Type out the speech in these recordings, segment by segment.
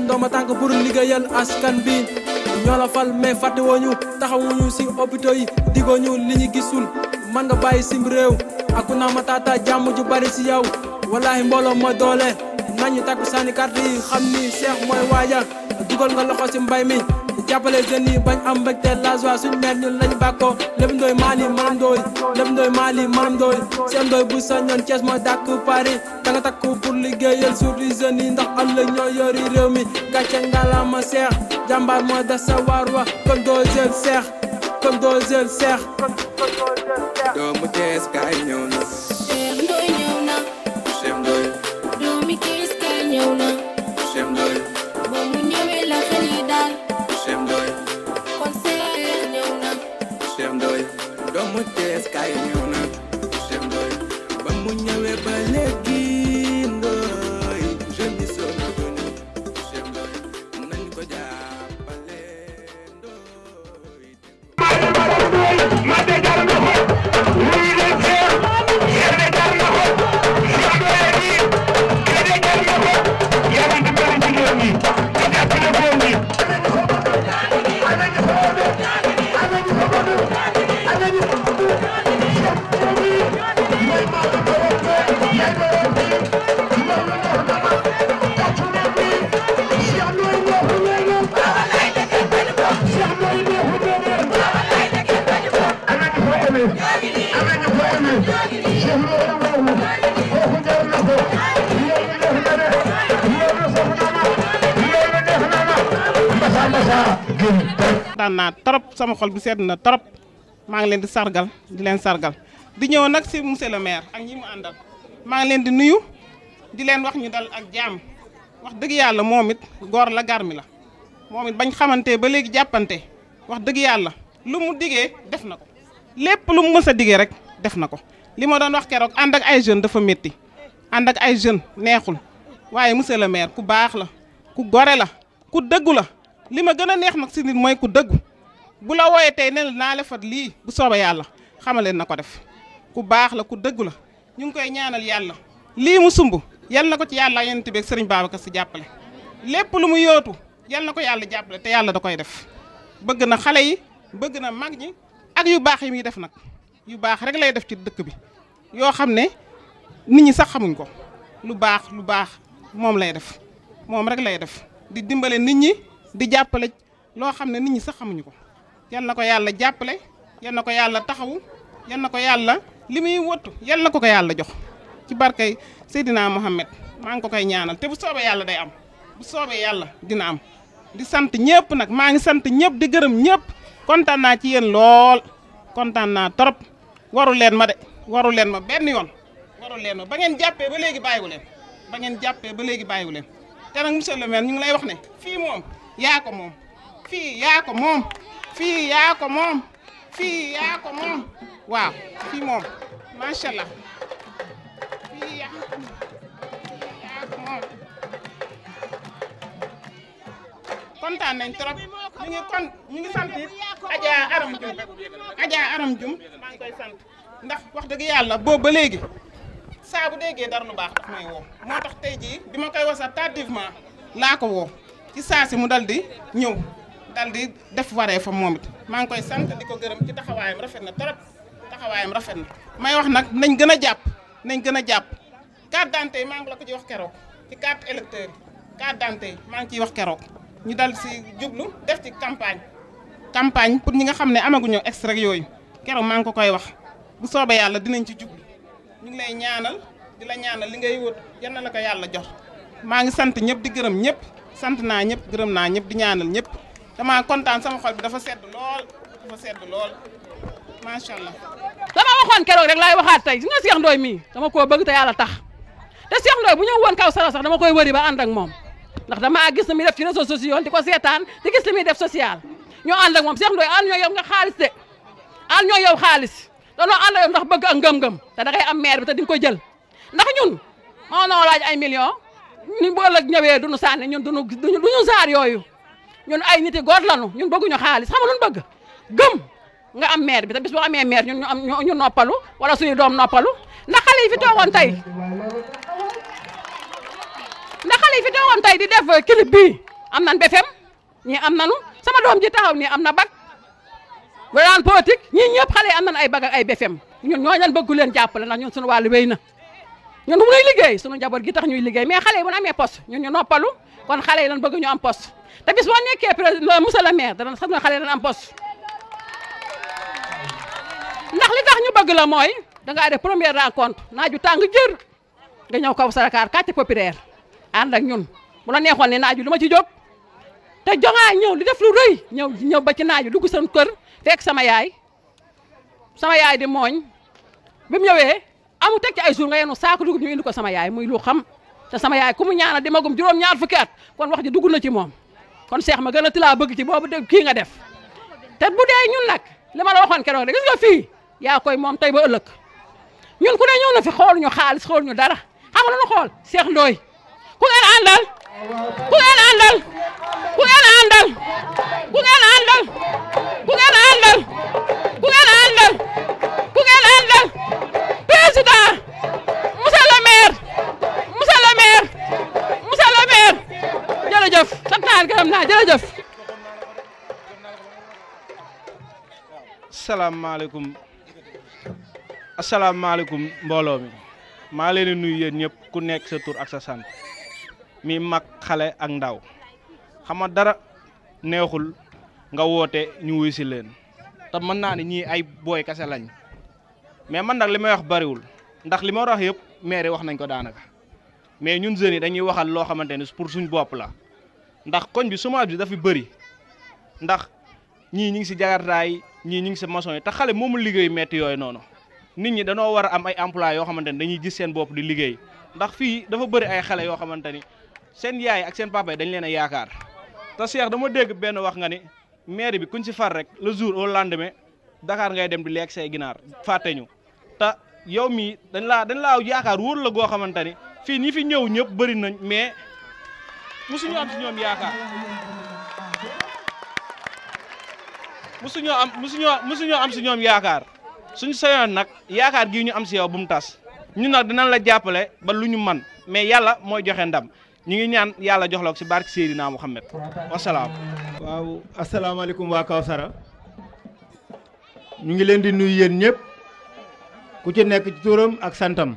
ndooma tànk pour liggéeyal askan bi ñoo la fal mais fàttewuñu taxawuñu si hôpitaux yi digooñu li ñu gisul man nga bàyyi sim réew ak naa ma taata jàmm ju bari si yaw wallaahi mbooloo ma doole nañu takku sànni carte yi xam ni seex mooy waaja dugal nga loxo si mbay mi jàppale jeunes yi bañ am mbégte la joie suñ mère ñun ndooy Mali maram ndooy lépp ndooy Mali maram ndooy seen ndooy bu sañoon Thiès ma dàkk Paris da nga takku pour liggéeyal sur les jeunes yi ndax ëllëg ñoo yori réew mi gàcce ngalaama seex jàmbaar moo des sa waar wa jël seex kon doo jël seex doomi Thiès kaay ñëw na kontaan naa sama xol bi sedd na trop maa ngi leen di sargal di leen sargal di ñëw nag si monsieur le ak ñi mu àndal maa ngi leen di nuyu di leen wax ñu dal ak jaam wax dëgg yàlla moom it góor la garmi la moom it bañ xamante ba léegi jàppante wax dëgg yàlla lu mu digee def na ko lépp lu mu mës a digee rek def na ko li ma doon wax keroog ànd ak ay jeunes dafa métti ànd ak ay jeunes neexul waaye monsieur ku baax la ku gore la ku dëggu la lima ma gën a neex nag si nit mooy ku dëggu bu la wooyee tey la fat lii bu soobee yalla, xamaleen na def ku baax la ku dëggu la ñu ngi koy ñaanal yàlla lii mu sumb yal na ko ci yàlla yonent bi ak sëriñ Babacar si jàppale lépp lu mu yootu yal na te yàlla da koy def bëgg na xale yi bëgg na mag ñi ak yu baax yi muy def nag yu baax rek lay def ci dëkk bi yoo xam ne nit ñi sax xamuñ ko lu baax lu baax moom lay def rek lay def di dimbale nit di jàppale loo xam ne nit ñi sax xamuñu ko yal na ko yàlla jàppale yal na ko yàlla taxawu yal na ko yàlla li muy wottu yal na ko ko yàlla jox ci barkay Seydina Mohamed maa ngi ko koy ñaanal te bu soobee yàlla day am bu soobee yàlla dina am di sant ñëpp nag maa ngi sant ñëpp di gërëm ñëpp kontaan naa ci yéen lool kontaan naa trop waru leen ma de waru leen ma benn yoon waru leen ma ba ngeen jàppee ba léegi bàyyiwu leen ba ngeen jàppee ba léegi bàyyiwu leen te nag ñu ngi lay wax ne fii moom yaako moom fii yaako ko moom fii yaa moom fii yaa ko moom waaw fii moom macha allah fii moom fii trop ñu ngi kon ñu ngi sant it Adja Aram Dioum Adja Aram Dioum maa ngi koy sant ndax wax dëgg yàlla boobu ba léegi saa bu déggee dara lu baax daf may woo moo tax tey jii bi ma koy wasa tardivement laa ko woo. ci saa si mu dal di ñëw dal di def waree fa moom maa ngi koy sant di ko gërëm ci taxawaayam rafet na trop taxawaayam rafet na may wax nag nañ gën a jàpp nañ gën a jàpp carte d'identité yi maa ngi la ko ci wax keroog ci carte électeur yi carte yi maa ngi ciy wax keroog ñu dal si jublu def ci campagne campagne pour ñi nga xam ne amaguñoo extra yooyu keroog maa ngi ko koy wax bu soobee yàlla dinañ ci jublu ñu ngi lay ñaanal di la ñaanal li ngay wut yan la ko yàlla jox maa ngi sant ñëpp di gërëm ñëpp sant naa ñëpp gërëm naa ñëpp di ñaanal ñëpp dama kontaan sama xol bi dafa sedd lool dafa sedd lool macha allah. dama waxoon keroog rek laay waxaat tey gis nga Cheikh Ndoye mii dama koo bëgg te yàlla tax te Cheikh Ndoye bu ñëw woon kaw sara sax dama koy wëri ba ànd ak moom ndax damaa gis li muy def ci réseaux sociaux di ko seetaan di gis li muy def social ñoo ànd ak moom Cheikh Ndoye ànd ñoo yow nga xaalis de ànd ñoo yow xaalis danoo ànd ak ndax bëgg ak ngëm-ngëm te da am maire bi te di nga ko jël ndax ñun moo ni bu ëllëg ñëwee duñu sànni ñun duñu duñu duñu saar yooyu ñun ay niti góor lanu ñun bëgguñu xaalis xam nga luñ bëgg gëm nga am maire bi te bis boo amee maire ñun ñu am ñu noppalu wala suñu doom noppalu ndax xale yi fi toogoon tey di def clip bii am nan BFM ñii am nanu sama doom ji taxaw nii am na bac bu daan politique ñii ñëpp xale yi am nan ay bac ay BFM ñun ñoo leen bëggu leen jàppale ndax ñun suñu wàllu wéy na ñun mu ngay liggéey sunu njaboot gi tax ñuy liggéey mais xale yi bu ñu amee ñun ñu noppalu kon xale yi lan bëgg ñu am poste te bis boo nekkee président monsieur le maire dana sax na xale yi dana am poste ndax li tax ñu bëgg la mooy danga dangaa def première rencontre naaju tàng jër nga ñëw kaw Sarakaar quartier populaire ànd ak ñun bu la neexoon ne naaju lu ma ci jóg te jongaa ñëw di def lu rëy ñëw ñëw ba ci naaju dugg seen kër fekk sama yaay sama yaay di mooñ bi mu ñëwee amu tek ci ay jour nga yenu saaku dugub ñu indi ko sama yaay muy lu xam te sama yaay kumu ñaanal ñaanal demagum juróom-ñaar fukki at kon wax ji dugul na ci mom kon cheikh ma gëna tila bëgg ci bobu de ki nga def te bu dee ñun nak lima la waxon kéro gis nga fi ya koy mom tay ba ëlëk ñun ku ne ñëw na fi xool ñu xaaliss xool ñu dara xam nga lu ñu xool seex ndooy ku ngeen àndal ku ngeen àndal ku ngeen àndal ku ngeen àndal ku ngeen àndal ku ngeen àndal ku ngeen àndal président monsieur le maire monsieur le maire monsieur le maire jërëjëf na naa gërëm Assalamu alaykum. Assalamu alaykum mbolo mi Ma leen nuy yeen ñep ku nekk sa tour ak sa sante. mi mak xalé ak ndaw Xama dara neexul nga wote ñu wuy si leen Ta mën naa ne ñii ay boy kasse lañu mais man nak limay wax bari wul ndax li ma wax yeb maire wax nañ ko danaka mais ñun jeune yi dañuy waxal lo xamanteni pour suñ bop la ndax koñ bi suma bi dafa bari ndax ñi ñi ngi si jagartaay ñi ñi ngi si maçon yi ta xalé momu liggey metti yoy nono nit ñi dañoo war am ay emploi yo xamanteni dañuy gis seen bop di liggey ndax fi dafa bari ay xalé yo xamanteni seen yaay ak seen papa dañ leena yaakar ta Cheikh dama dégg ben wax nga ni maire bi kuñ ci far rek le jour au lendemain Dakar ngay dem di lek say ginar fatéñu ta yow mi dañ la dañ la yaakar wul la goo xamante ni ñi fi ñew ñep bari nañ mais musuñu am si yaakar yaakaar musuñoo am musuñoo musuñoo am ci ñom yaakar suñu sayon nak yaakar gi ñu am ci yow bu mu tas ñun nak dinañ la jappalé ba luñu man mais yalla moy joxe ndam ñi ngi ñaan yalla jox la si barke Seydina Muhammad wasalaam waaw alaykum wa Kawsara ñu ngi leen di nuyu yeen ku ci nekk ci turam ak santam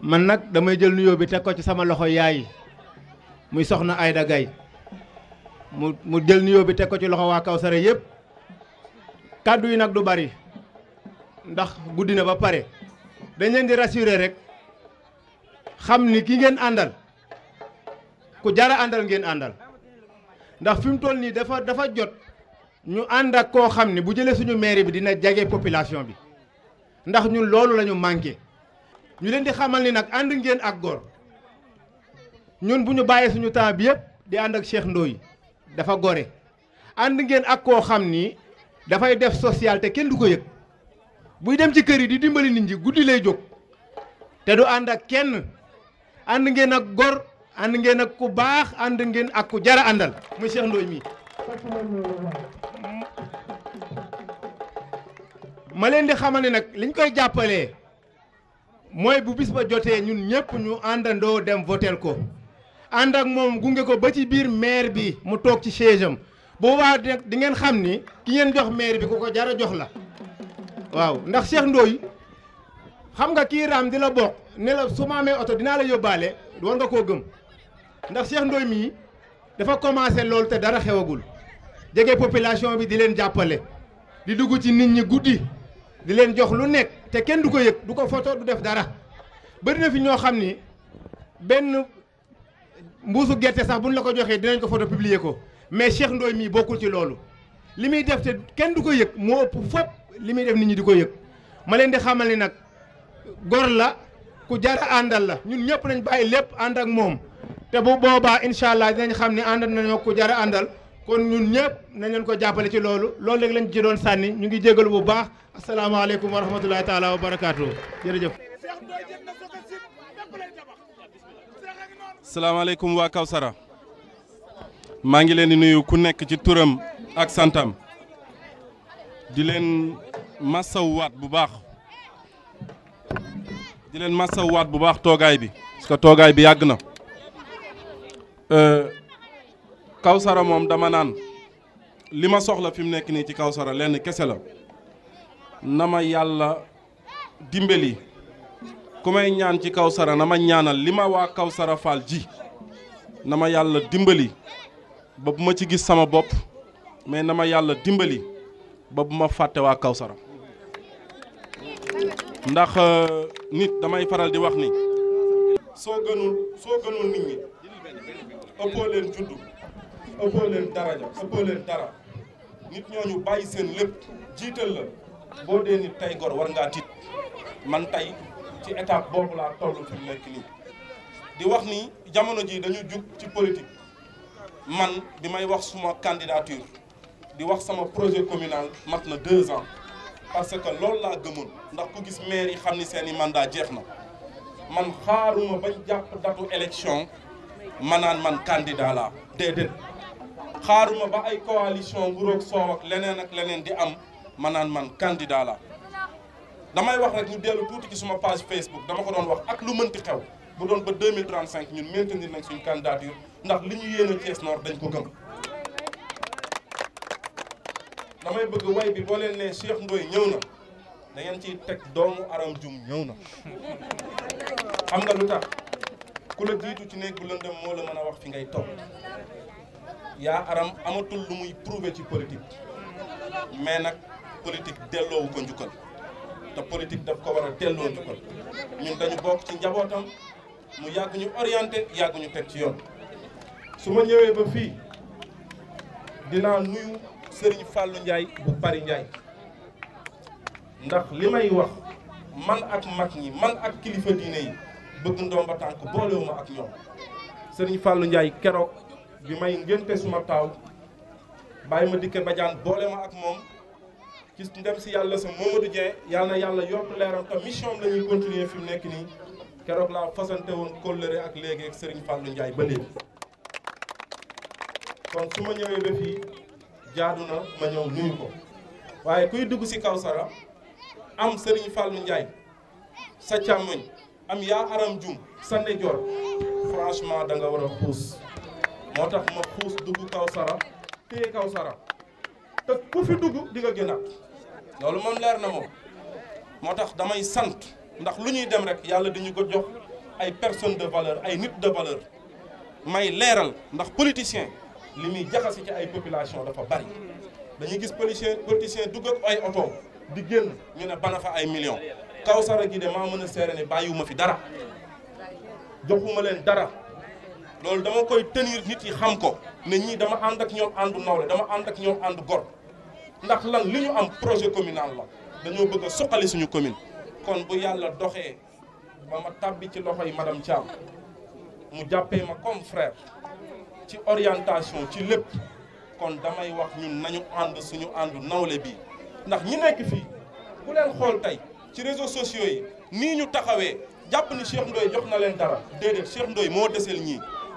man nag damay jël nuyoo bi teg ko ci sama loxo yaay muy soxna Ayda Gaye mu mu jël nuyoo bi teg ko ci loxo waa kaw sare yëpp kàddu yi nag du bari ndax guddi na ba pare dañ leen di rassurer rek xam ni ki ngeen àndal ku jara àndal ngeen àndal ndax fi mu toll nii dafa dafa jot ñu ànd ak koo xam ni bu jëlee suñu mairie bi dina jege population bi ndax ñun loolu lañu manqué ñu leen di xamal ni nag ànd ngeen ak gor ñun bu ñu suñu temps bi yëpp di ànd ak Cheikh ndoy dafa gore ànd ngeen ak koo xam ni dafay def social te kenn du ko yëg buy dem ci kër yi di dimbali nit ñi guddi lay jóg te du ànd ak kenn ànd ngeen ak gor ànd ngeen ak ku baax ànd ngeen ak ku jara àndal muy Cheikh ndoy mi ma leen di xamal ne nag liñ koy jàppalee mooy bu bis ba jotee ñun ñëpp ñu àndandoo dem votel ko ànd ak moom gunge ko ba ci biir maire bi mu toog ci siège am boobaa di ngeen xam ni ki ngeen jox maire bi ku ko jara jox la waaw ndax Cheikh Ndoye xam nga kii raam di la bokk ne la su ma amee oto dinaa la yóbbaale war nga koo gëm ndax Cheikh Ndoye mii dafa commencé loolu te dara xewagul jege population bi di leen jàppale di dugg ci nit ñi guddi di leen jox lu nekk te kenn du ko yëg du ko foto du def dara bëri na fi ñoo xam ni benn mbuusu gerte sax bu ñu la ko joxee dinañ ko foto publier ko mais Cheikh Ndoye mii bokkul ci loolu li muy def te kenn du ko yëg moo ëpp fop li muy def nit ñi di ko yëg ma leen di xamal ni nag gor la ku jara àndal la ñun ñëpp nañ bàyyi lépp ànd ak moom te bu boobaa incha allah dinañ xam ne àndal nañoo ku jara àndal kon ñun ñëpp nañ leen ko jàppale ci loolu loolu léegi lañ ci doon sànni ñu ngi jégalu bu baax asalaamaaleykum wa rahmatulahi taala wa barakaatu waa Kawsara maa ngi leen di nuyu ku nekk ci turam ak santam di leen masawwaat bu baax di leen masawwaat bu baax toogaay bi parce que toogaay bi yàgg na. Euh, Kawsara moom dama naan li ma soxla fi mu nekk nii ci Kawsara lenn kese la na ma yàlla dimbali ku may ñaan ci Kawsara na ma ñaanal li ma waa Kawsara Fall ji na ma yàlla dimbali ba bu ma ci gis sama bopp mais na ma yàlla dimbali ba bu ma fàtte waa Kawsara ndax euh, nit damay faral di wax ni soo gënul soo gënul nit ñi ëppoo leen daraja ëppoo leen dara nit ñoo ñu bàyyi seen lépp jiital la boo dee nit tey gor war ngaa tiit man tey ci étape boobu laa toll fi mu nekk nii di wax ni jamono ji dañu jug ci politique man bi may wax suma candidature di wax sama projet communal mat na deux ans parce que loolu laa gëmul ndax ku gis maire yi xam ni seen i mandat jeex na man xaaruma bañ jàpp datu élection manaan man candidat laa déedéet xaaruma ba ay coalition nguróog soow ak leneen ak leneen di am ma naan man candidat la damay wax rek ñu dellu tuuti ci suma page Facebook dama ko doon wax ak lu mënti xew bu doon ba 2035 ñun maintenir nañ suñu candidature ndax li ñu yéene Thiès Nord dañ ko gëm damay bëgg way bi boo leen ne Cheikh Ndoye ñëw na da ngeen teg doomu aram jum ñëw na xam nga lu tax ku la jiitu ci néeg bu lëndëm moo la mën a wax fi ngay toog yaa aram amatul lu muy prouver ci politique mais nag politique delloowu ko njukkal te politique daf ko war a delloo njukkal ñun dañu bokk ci njabootam mu yàgg ñu orienté yàgg ñu teg ci yoon su ma ñëwee ba fii dinaa nuyu sëriñ Fallou Ndiaye bu Paris Ndiaye ndax li may wax man ak mag ñi man ak kilifa diine yi bëgg ndomba tànk boolewuma ak ñoom Serigne Fallou Ndiaye keroog bi may ngénte suma taaw bàyyi ma dikke bajaan boole ma ak moom ci ndem si yàlla sa Momadou Dieng yàlla na yàlla yokk leeram te mission am la fi mu nekk nii keroog laa fasante woon kóllëre ak léegi ak Serigne Fallou njaay ba léegi kon su ma ñëwee ba fii jaadu na ma ñëw nuyu ko waaye kuy dugg si Kawsara am sëriñ Fallou Ndiaye sa càmmoñ am yaa aram jum sa ndeyjoor franchement da nga war a xuus moo tax ma xuus dugg Kawsara téye Kawsara te ku fi dugg di nga génnaat loolu moom leer na moom moo tax damay sant ndax lu ñuy dem rek yàlla dañu ko jox ay personnes de valeur ay nit de valeur may leeral ndax politicien li muy jaxase ci ay population dafa bari dañuy gis politiciens politicien dugg ak ay oto di génn ñu ne bana fa ay millions Kawsara gi de maa mën a seere ne bàyyiwuma fi dara joxuma leen dara loolu dama koy tenir nit yi xam ko ne ñii dama ànd ak ñoom àndu nawle dama ànd ak àndu gor ndax lan li ñu am projet communal la dañoo bëgg a suqali suñu commune kon bu yàlla doxee ba ma tàbbi ci loxo yi madame Thiam mu jàppee ma comme frère ci orientation ci lépp kon damay wax ñun nañu ànd suñu àndu nawle bi ndax ñi nekk fii bu leen xool tey ci réseaux sociaux yi nii ñu taxawee jàpp ni Cheikh Ndoye jox na leen dara déedéet Cheikh Ndoye moo deseel ñii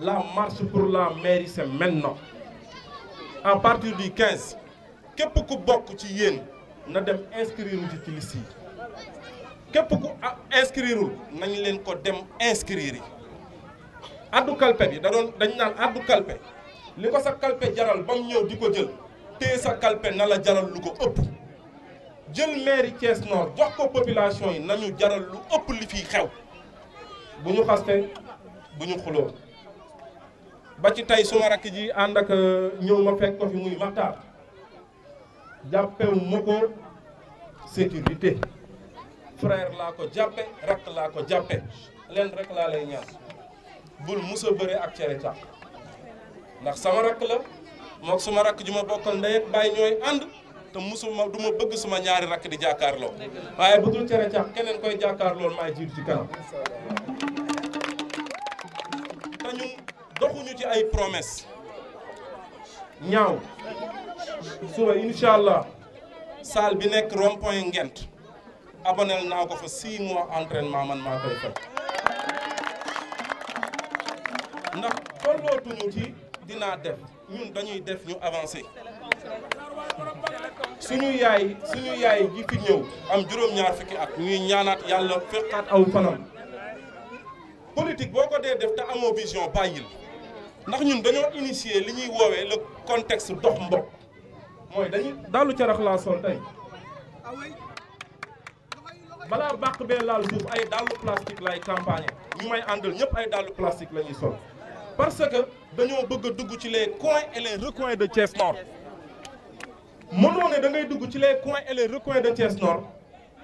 la marche pour la mairie c'est maintenant à partir du 15 que beaucoup beaucoup ci yéen na dem inscrire ci ici. liste inscrire nañ ko dem inscrire yi addu kalpe bi da doon dañ naan addu kalpe li ko sa kalpe jaral ba mu ñëw du ko jël sa kalpe na la jaral lu ko ëpp jël mairie Thiès Nord jox ko population yi nañu jaral lu ëpp li fiy xew bu ñu xaste xuloo ba ci tey suma rakk ji ànd ak euh, ñëw ma fekk ko fi muy Maxtaar jàppe ma ko sécurité frère laa ko jàppe rakk laa ko jàppe leen rek laa lay ñaan bul musa bëre ak cere càq ndax sama rakk la mook suma rakk ju ma bokkal ndey ak bàyyi ñooy ànd te musuma du ma bëgg suma ñaari rakk di jàkkaarloo waaye bu dul cere càq keneen ci kanam ay promesse allah salle bi nekk rond ngent abonel naa ko fa six mois entraînement dinaa def ñun dañuy def ñu avancer suñu yaay suñu yaay ji fi ñëw am juróom-ñaar fukki at ñuy ñaanaat yàlla fekkaat aw fanam politique boo ko dee def te amoo vision bàyyil nous allons dañoo initier le contexte dox mbokk le dañuy de la sol la la laal est dans le plastique campagne le plastique parce que nous bëgg les coins et les recoins de Thiès Nord Nous coins et les recoins de Thiès Nord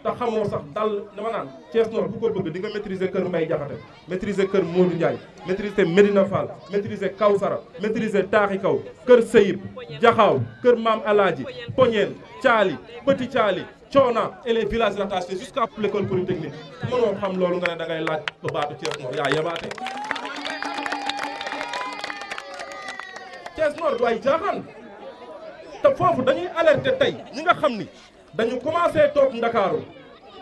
te xamoo sax dal dama naan Thiès Nord ku ko bëgg di nga maîtriser kër may Diakhaté maîtriser kër Modou Ndiaye maîtriser Medina Fall maîtriser Kawsara maîtriser Taaxi Kaw kër Seyib Jaxaaw kër Maam Alaaji Poñeen Caali Petit Caali Coona et les villages rattachés jusqu'à l'école polytechnique mënoo xam loolu nga ne da laaj ba baatu Thiès yaa yabaate Thiès Nord du ay jaaxaan te foofu dañuy alerter tey ñi nga xam ni dañu commencé toog ndakaaru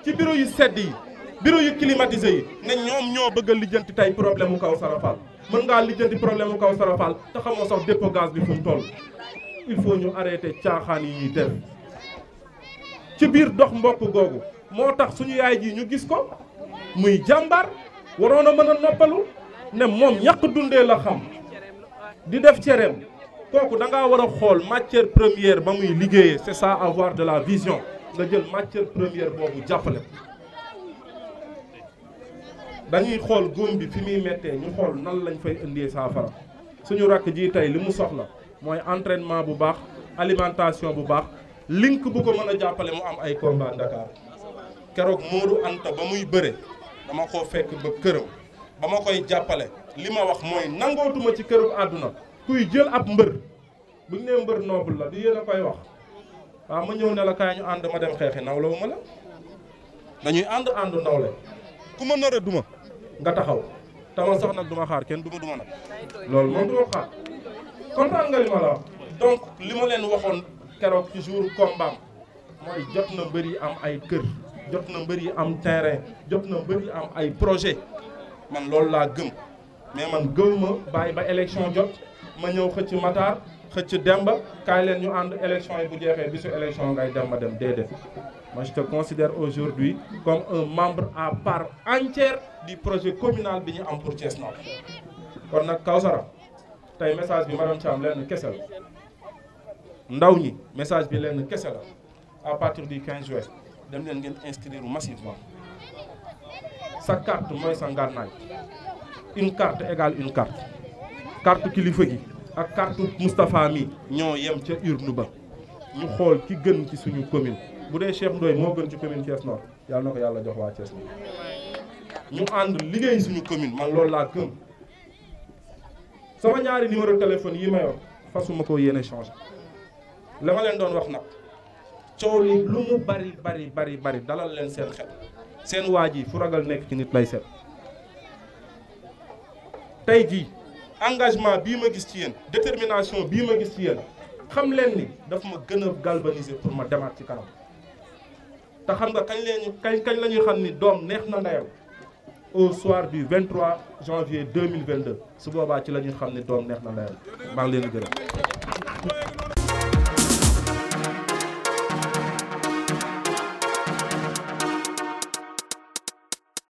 ci bureau yu sedd yi bureau yu climatisé yi ne ñoom ñoo bëgg a lijjanti tey problème mu Kawsara Fall mën ngaa lijjanti problème kaw Kawsara Fall te xamoo sax dépôt gaz bi fu mu toll il faut ñu arrêté caaxaan yi ñuy def ci biir dox mbokk googu moo tax suñu yaay ji ñu gis ko muy jàmbaar waroon a mën a noppalu ne moom ñàkk dundee la xam di def cereem kooku da a xool matière première ba muy c'est ça avoir de la vision a jël matière première boobu jàppale ko dañuy on a bi fi muy méttee ñu xool nan lañ fay indee saafara suñu rakk ji tey li soxla mooy entraînement bu baax alimentation bu baax link bu ko mëna jappalé jàppale mu am ay combat Dakar kérok Modou Anta ba muy bëre dama ko fekk ba këram bama koy jappalé lima ma wax mooy nangootuma ci këru aduna kuy jël ab mbër bu ñu nee mbër noble la du yéen a koy wax waaw ma ñëw ne kaa ñu ànd ma dem xeexi nawlawu ma la dañuy ànd àndu nawle ku ma nar a duma nga taxaw taman sax nag duma xaar kenn duma duma nag loolu moom duma xaar comprendre nga li ma la wax li ma leen waxoon keroog ci jour combat mooy jot na mbër yi am ay kër jot na mbër yi am terrain jot na mbër yi am ay projet man loolu laa gëm mais man gëw ma bàyyi ba élection jot ma ñëw ci Matar ci Demba kay leen ñu and élection yi bu jeexee bisu élection ngay Demba dem dédé moi je te considère aujourd'hui comme un membre à part entière du projet communal bi ñu am pour Thiès Nord kon nak Kawsara tay message bi madame Thiam lenn kese la ndaw ñi message bi leen kessel à partir du 15 juillet dem leen ngeen inscrire massivement sa carte moy sa ngànnaay une carte égale une carte carte kilifa gi ak carte Moustapha mi ñoo yem ci urne ba ñu xol ki gën ci suñu commune bu vous Cheikh ndoy mo gën ci commune Thiès Nord yalla na yalla jox wa Thiès Nord ñu and liggéey suñu commune man lool Si gëm sama ñaari numéro téléphone yi fasuma ko vous la ma leen doon wax nag coow li lu mu bari bari bari bari dalal leen seen xel seen waa fu ragal nekk ci nit lay seet tey jii engagement bi ma gis ci yéen détermination bi ma gis ci yéen xam leen ni daf ma gën a galvaniser pour ma demaat ci kanam te xam nga kañ leen kañ kañ la ñuy xam ni doom neex na ndeyam au soir du 23 janvier 2022 su boobaa ci la ñuy xam ni doom neex na ndeyam maa ngi leen di gërëm